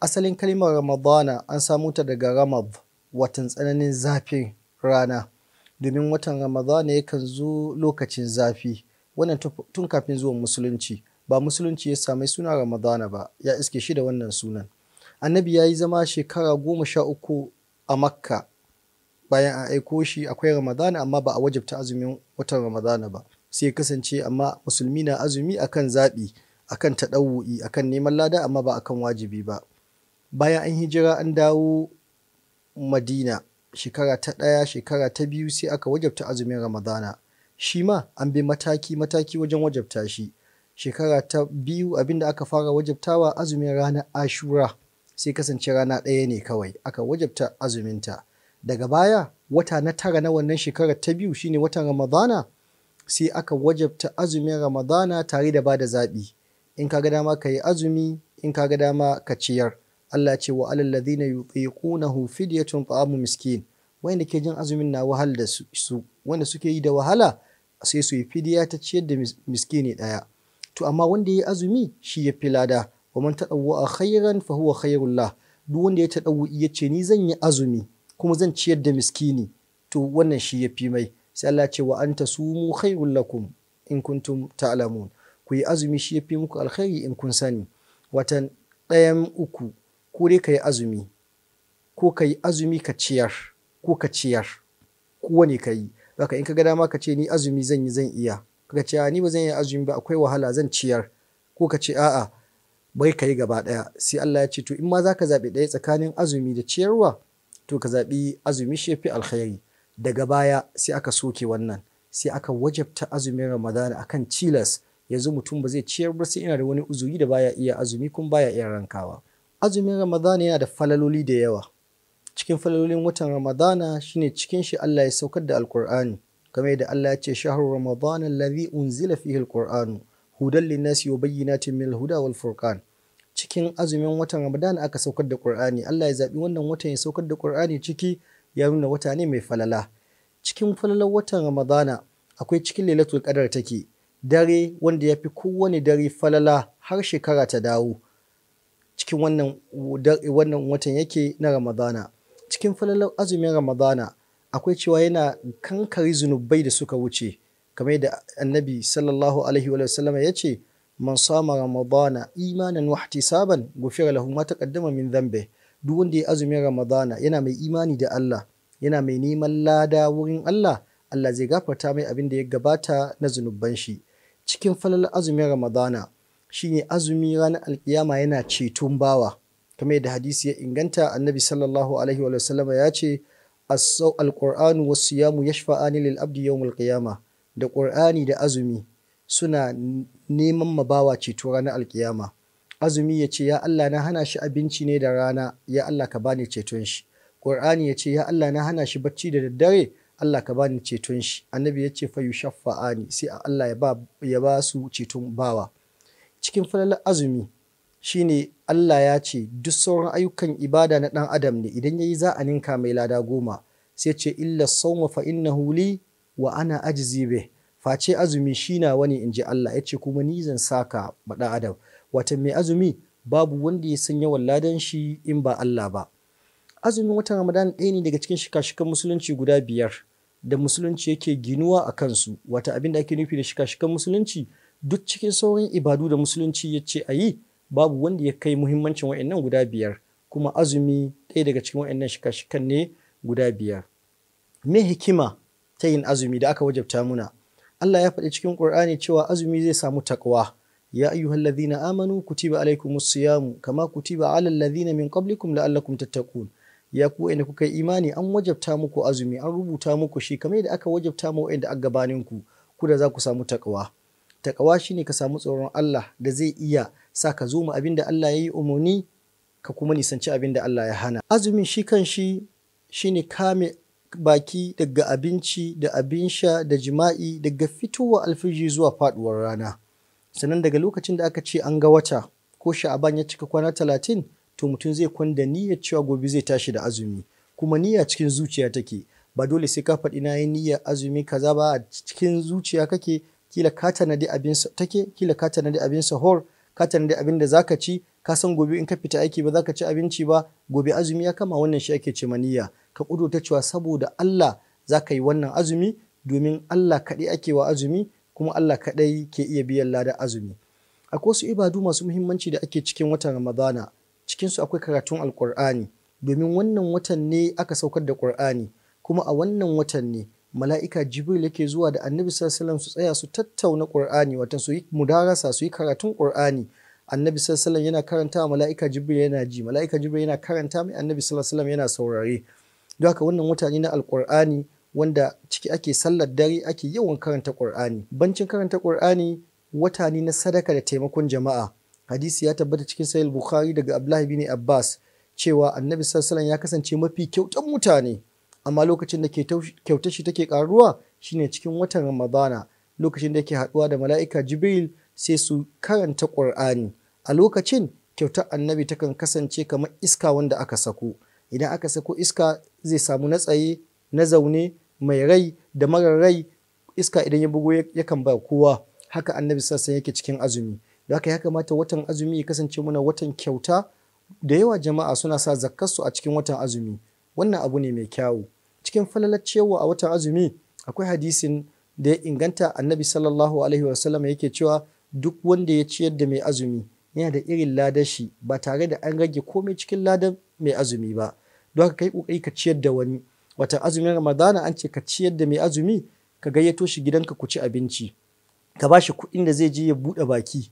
asalin kalimar ramadana an samu ta daga ramad watan tsananin zafin rana domin watan ramadana yakan zo lokacin zafi wannan tun kafin zuwan musulunci ba musulunci ya sami suna ramadana ba ya iske shi da wannan sunan annabi ya yi zama shekara goma sha uku a makka bayan a aiko shi akwai ramadana amma ba a wajabta azumin watan ramadana ba sai ya kasance amma musulmi na azumi akan zaɓi akan taɗawu'i akan neman lada amma ba akan wajibi ba bayan an hijira an dawo madina shekara ta ɗaya shekara ta biyu sai aka wajabta azumin ramadana shi ma an bi mataki mataki wajen wajabta shi shekara ta biyu abinda aka fara wajabtawa azumin ranar ashura sai kasance rana ɗaya ne kawai aka wajabta azuminta daga baya wata na tara na wannan shekara ta biyu shine watan ramadana sai aka wajabta azumin ramadana tare da bada zaɓi in ka ga dama ka yi azumi in ka ga dama ka ciyar Allah ce wa alal ladhina yutiqunahu fidyatun ta'amu miskin wanda ke jin azumin na wahal da su wanda suke yi da wahala sai su yi fidiya ta ciyar da miskini daya to amma wanda yi azumi shi ya fi lada wa man tadawwa khairan fa huwa khairul duk wanda ya tadawu yace yace ni zan yi azumi kuma zan ciyar da miskini to wannan shi ya fi mai sai Allah ce wa anta sumu khairul lakum in kuntum ta'lamun ku yi azumi shi ya fi muku alkhairi in kun sani watan ɗayan uku ko dai ka yi azumi ko ka yi azumi ka ciyar ko ka ciyar wani ka yi zaka in ka ga dama ka ce ni azumi zan yi zan iya ka ce ni ba zan yi azumi ba akwai wahala zan ciyar ko ka ce a'a bai ka yi gaba ɗaya sai Allah ya ce to in ma zaka zaɓi ɗaya tsakanin azumi da ciyarwa to ka zabi azumi shi fi alkhairi daga baya sai aka soke wannan sai aka wajabta azumin ramadana akan cilas yanzu mutum ba zai ciyar ba sai ina da wani uzuri da baya iya azumi kuma baya iya rankawa azumin ramadana yana da falaloli da yawa cikin falalolin watan ramadana shine cikin shi Allah ya saukar da alkur'ani kamar yadda Allah ya ce shahru ramadana lazi unzila fihi alqur'anu hudan linnasi wa bayyinatin min alhuda wal furqan cikin azumin watan ramadana aka saukar da qur'ani Allah ya zabi wannan watan ya saukar da qur'ani ciki ya nuna wata ne mai falala cikin falalar watan ramadana akwai cikin lailatul qadar take dare wanda yafi kowane dare falala har shekara ta dawo cikin wannan wannan watan yake na Ramadana cikin falalar azumin Ramadana akwai cewa yana kankari zunubai da suka wuce kamar yadda annabi sallallahu alaihi wasallam ya ce man sama ramadana imanan wa ihtisaban ghufira lahu ma taqaddama min dhanbi duk wanda ya azumin ramadana yana mai imani da Allah yana mai neman lada wurin Allah Allah zai gafarta mai abin da ya gabata na zunuban shi cikin falalar azumin ramadana shine azumi ranar alkiyama yana ceton bawa kamar yadda hadisi ya inganta annabi sallallahu alaihi wa sallama ya ce alqur'anu was siyamu yashfa'ani lil abdi yawmul qiyama da qur'ani da azumi suna neman ma bawa ceto ranar alkiyama azumi ya ce ya Allah na hana shi abinci ne da rana ya Allah ka bani ceton shi qur'ani ya ce ya Allah na hana shi bacci da daddare Allah ka bani ceton shi annabi ya ce fa yushaffa'ani sai Allah ya ba ya ba su ceton bawa cikin falalar azumi shine Allah ya ce duk sauran ayyukan ibada na ɗan adam ne idan ya yi za a ninka mai lada goma sai ce illa sauma fa inna huli wa ana aji zibe face azumi shi na wani in ji Allah ya ce kuma ni zan saka ma ɗan adam wata mai azumi babu wanda ya san yawan ladan shi in ba Allah ba azumin watan Ramadan ɗaya ne daga cikin shika-shikan musulunci guda biyar da musulunci yake ginuwa a kansu wata abin da ake nufi da shika-shikan musulunci duk cikin sauran ibadu da musulunci ya ce a yi babu wanda ya kai muhimmancin wa'annan guda biyar kuma azumi ɗaya daga cikin wa'annan shika-shikan ne guda biyar me hikima ta yin azumi da aka wajabta muna Allah ya faɗi cikin Ƙur'ani cewa azumi zai samu takwa ya ayyuhallazina amanu kutiba alaikum siyamu kama kutiba alal ladzina min qablikum la'allakum tattaqun ya ku inda kuka yi imani an wajabta muku azumi an rubuta muku shi kamar yadda aka wajabta mu inda aka gabaninku ku ku da za ku samu takwa takawa shine ka samu tsoron Allah da zai iya sa ka zo mu abin da Allah ya yi umarni ka kuma nisanci abin da Allah ya hana azumin shi kan shi shine kame baki daga abinci da abin sha da jima'i daga fitowa alfiji zuwa faduwar rana sannan daga lokacin da aka ce an ga wata ko sha'aban ya cika kwana talatin to mutum zai kwanda niyyar cewa gobe zai tashi da azumi kuma niyya cikin zuciya take ba dole sai ka faɗi na yi niyyar azumi kaza ba a cikin zuciya kake kila ka tanadi abin take kila ka tanadi abin hor, ka tanadi abin da zaka ci ka san gobe in ka fita aiki ba zaka ci abinci ba gobe azumi ya kama wannan shi ake niyya ka ta cewa saboda Allah zaka yi wannan azumi domin Allah kaɗai ake wa azumi kuma Allah kaɗai ke iya biyan lada azumi akwai wasu ibadu masu muhimmanci da ake cikin watan Ramadana cikinsu akwai karatun Alƙur'ani domin wannan watan ne aka saukar da Ƙur'ani kuma a wannan watan ne mala'ika jibril yake zuwa da annabi sallallahu su tsaya su tattauna qur'ani Wata su yi mudarasa su yi karatun qur'ani annabi sallallahu yana karanta mala'ika jibril yana ji mala'ika jibril yana karanta mai annabi sallallahu yana saurare don haka wannan mutane na alqur'ani wanda ciki ake sallar dare ake yawan karanta qur'ani bancin karanta qur'ani wata ne na sadaka da taimakon jama'a hadisi ya tabbata cikin sahih bukhari daga abdullahi bin abbas cewa annabi sallallahu ya kasance mafi kyautan mutane amma lokacin da kyautar shi take karuwa shine cikin watan ramadana lokacin da yake haɗuwa da mala'ika jibril sai su karanta ƙur'ani a lokacin kyautar annabi takan kasance kamar iska wanda aka sako idan aka sako iska zai samu na tsaye na zaune mai rai da marar rai iska idan ya bugo yakan ba kowa haka annabi sassan yake cikin azumi da haka ya kamata watan azumi ya kasance muna watan kyauta da yawa jama'a suna sa zakkarsu a cikin watan azumi wannan abu ne mai kyawu cikin falalar cewa a watan azumi akwai hadisin da ya inganta annabi sallallahu alaihi wasallam yake cewa duk wanda ya ciyar da mai azumi yana da irin ladar shi ba tare da an rage komai cikin ladar mai azumi ba don haka kai kokari ka ciyar da wani watan azumin ramadana an ce ka ciyar da mai azumi ka gayyato shi gidanka ku ci abinci ka ba shi kuɗin da zai je ya buɗe baki